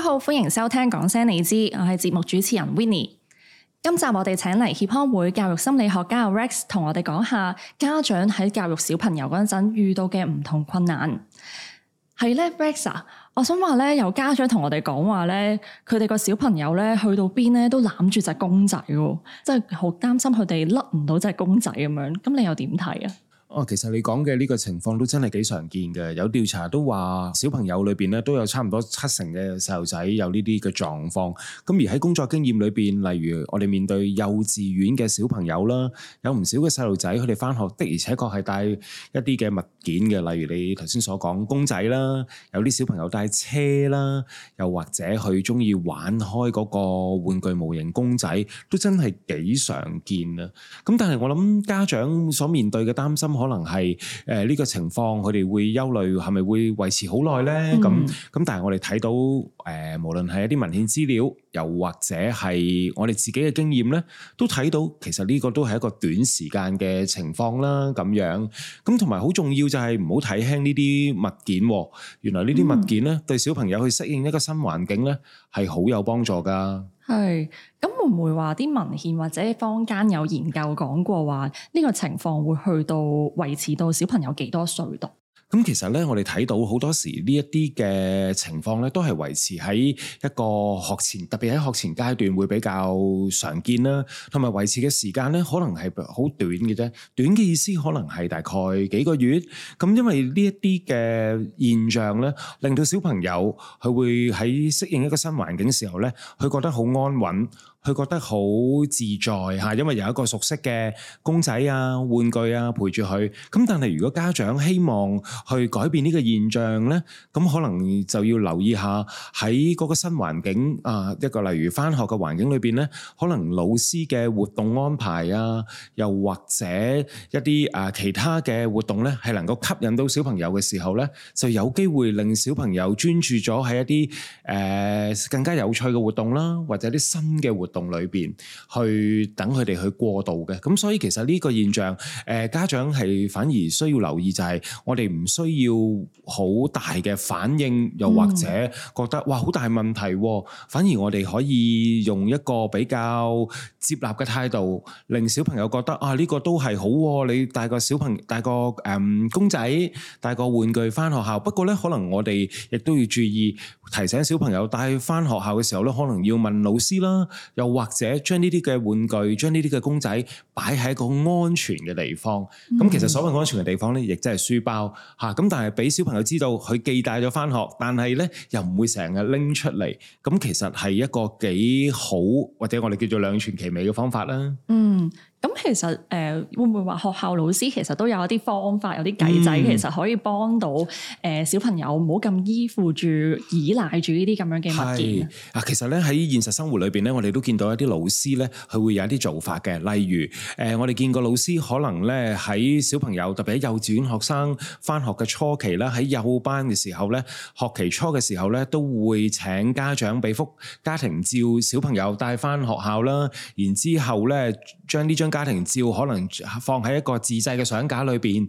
大家好，歡迎收聽講聲你知，我係節目主持人 Winnie。今集我哋請嚟協康會教育心理學家 Rex 同我哋講下家長喺教育小朋友嗰陣遇到嘅唔同困難。係咧 Rex 啊，我想話咧，有家長同我哋講話咧，佢哋個小朋友咧去到邊咧都攬住隻公仔喎，即係好擔心佢哋甩唔到隻公仔咁樣。咁你又點睇啊？哦，其實你講嘅呢個情況都真係幾常見嘅，有調查都話小朋友裏邊咧都有差唔多七成嘅細路仔有呢啲嘅狀況，咁而喺工作經驗裏邊，例如我哋面對幼稚園嘅小朋友啦，有唔少嘅細路仔佢哋翻學的，而且確係帶一啲嘅物件嘅，例如你頭先所講公仔啦，有啲小朋友帶車啦，又或者佢中意玩開嗰個玩具模型公仔，都真係幾常見啊！咁但係我諗家長所面對嘅擔心。可能係誒呢個情況，佢哋會憂慮係咪會維持好耐咧？咁咁，但係我哋睇到誒，無論係一啲文獻資料，又或者係我哋自己嘅經驗咧，都睇到其實呢個都係一個短時間嘅情況啦。咁樣，咁同埋好重要就係唔好睇輕呢啲物件。原來呢啲物件咧，對小朋友去適應一個新環境咧，係好有幫助㗎。係，咁會唔會話啲文獻或者坊間有研究講過話，呢個情況會去到維持到小朋友幾多歲度？咁其實咧，我哋睇到好多時呢一啲嘅情況咧，都係維持喺一個學前，特別喺學前階段會比較常見啦。同埋維持嘅時間咧，可能係好短嘅啫。短嘅意思可能係大概幾個月。咁因為呢一啲嘅現象咧，令到小朋友佢會喺適應一個新環境嘅時候咧，佢覺得好安穩。佢覺得好自在吓，因為有一個熟悉嘅公仔啊、玩具啊陪住佢。咁但係如果家長希望去改變呢個現象呢，咁可能就要留意下喺嗰個新環境啊，一個例如返學嘅環境裏邊呢，可能老師嘅活動安排啊，又或者一啲啊其他嘅活動呢，係能夠吸引到小朋友嘅時候呢，就有機會令小朋友專注咗喺一啲誒更加有趣嘅活動啦，或者啲新嘅活洞裏邊去等佢哋去過渡嘅，咁所以其實呢個現象，誒家長係反而需要留意，就係我哋唔需要好大嘅反應，又或者覺得哇，好大問題，反而我哋可以用一個比較接納嘅態度，令小朋友覺得啊，呢個都係好，你帶個小朋友帶個誒公仔、帶個玩具翻學校。不過呢，可能我哋亦都要注意提醒小朋友，帶去翻學校嘅時候呢，可能要問老師啦。又或者將呢啲嘅玩具，將呢啲嘅公仔擺喺一個安全嘅地方。咁、嗯、其實所謂安全嘅地方咧，亦即係書包吓。咁但係俾小朋友知道佢既帶咗返學，但係咧又唔會成日拎出嚟。咁其實係一個幾好，或者我哋叫做兩全其美嘅方法啦。嗯。咁其實誒、呃、會唔會話，學校老師其實都有一啲方法，有啲計仔，嗯、其實可以幫到誒、呃、小朋友，唔好咁依附住、依賴住呢啲咁樣嘅物件。啊，其實咧喺現實生活裏邊咧，我哋都見到一啲老師咧，佢會有一啲做法嘅。例如誒、呃、我哋見過老師，可能咧喺小朋友特別喺幼稚園學生翻學嘅初期啦，喺幼班嘅時候咧，學期初嘅時候咧，都會請家長俾幅家庭照，小朋友帶翻學校啦。然之後咧，將呢張。家庭照可能放喺一個自製嘅相架裏邊。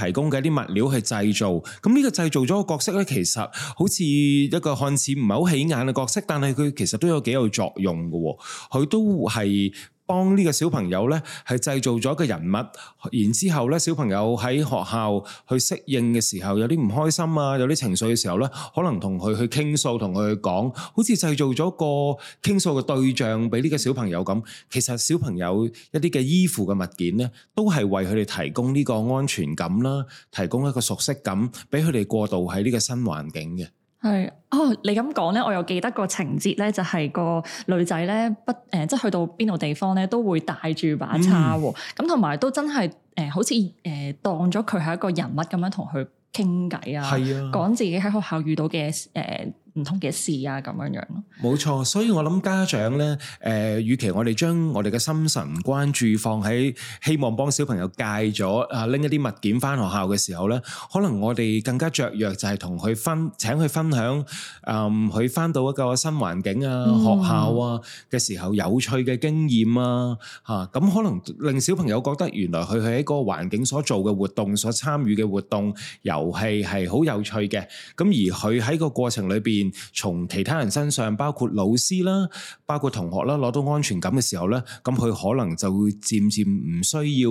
提供嘅一啲物料去製造，咁呢個製造咗個角色咧，其實好似一個看似唔係好起眼嘅角色，但係佢其實都有幾有作用嘅，佢都係。幫呢個小朋友咧，係製造咗個人物，然之後咧，小朋友喺學校去適應嘅時候，有啲唔開心啊，有啲情緒嘅時候咧，可能同佢去傾訴，同佢去講，好似製造咗個傾訴嘅對象俾呢個小朋友咁。其實小朋友一啲嘅依附嘅物件咧，都係為佢哋提供呢個安全感啦，提供一個熟悉感，俾佢哋過渡喺呢個新環境嘅。係哦，你咁講咧，我又記得個情節咧，就係、是、個女仔咧不誒、呃，即係去到邊度地方咧，都會帶住把叉，咁同埋都真係誒、呃，好似誒、呃、當咗佢係一個人物咁樣同佢傾偈啊，講係、啊、自己喺學校遇到嘅誒。呃唔同嘅事啊，咁樣樣咯。冇錯，所以我諗家長咧，誒，與其我哋將我哋嘅心神關注放喺希望幫小朋友戒咗啊拎一啲物件翻學校嘅時候咧，可能我哋更加雀躍就係同佢分，請佢分享，嗯，佢翻到一個新環境啊，學校啊嘅時候有趣嘅經驗啊，吓咁可能令小朋友覺得原來佢喺嗰個環境所做嘅活動、所參與嘅活動、遊戲係好有趣嘅，咁而佢喺個過程裏邊。從其他人身上，包括老師啦，包括同學啦，攞到安全感嘅時候咧，咁佢可能就會漸漸唔需要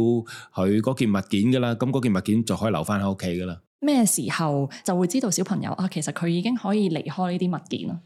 佢嗰件物件噶啦，咁嗰件物件就可以留翻喺屋企噶啦。咩時候就會知道小朋友啊？其實佢已經可以離開呢啲物件咯。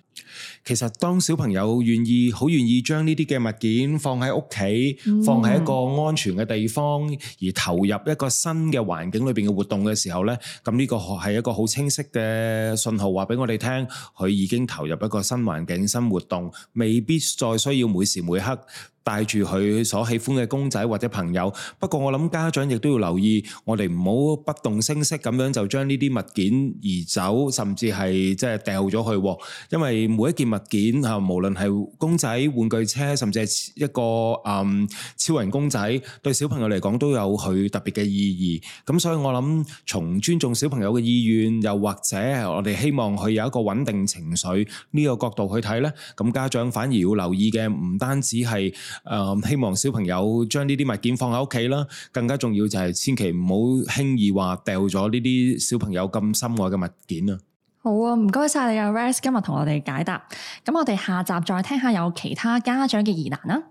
其實當小朋友願意好願意將呢啲嘅物件放喺屋企，放喺一個安全嘅地方，而投入一個新嘅環境裏邊嘅活動嘅時候呢，咁呢個係一個好清晰嘅信號，話俾我哋聽，佢已經投入一個新環境、新活動，未必再需要每時每刻帶住佢所喜歡嘅公仔或者朋友。不過我諗家長亦都要留意，我哋唔好不動聲色咁樣就將呢啲物件移走，甚至係即係掉咗佢，因為。每一件物件啊，無論係公仔、玩具車，甚至係一個嗯超人公仔，對小朋友嚟講都有佢特別嘅意義。咁所以我諗，從尊重小朋友嘅意願，又或者我哋希望佢有一個穩定情緒呢個角度去睇咧，咁家長反而要留意嘅，唔單止係誒希望小朋友將呢啲物件放喺屋企啦，更加重要就係千祈唔好輕易話掉咗呢啲小朋友咁深愛嘅物件啊！好啊，唔該晒你啊，Rex，今日同我哋解答。咁我哋下集再聽下有其他家長嘅疑難啦。